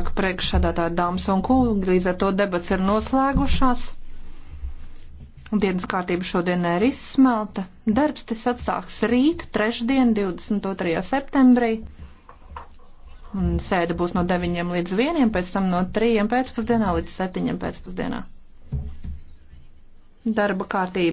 Saka priekšsādātāja dāmas un kungi, līdz ar to debats ir noslēgušās. Dienas kārtība šodien ir izsmelta. Darbs tas atsāks rīt, trešdien, 22. septembrī. Un sēde būs no 9 līdz 1, pēc tam no 3 pēcpusdienā līdz 7 pēcpusdienā. Darba kārtība.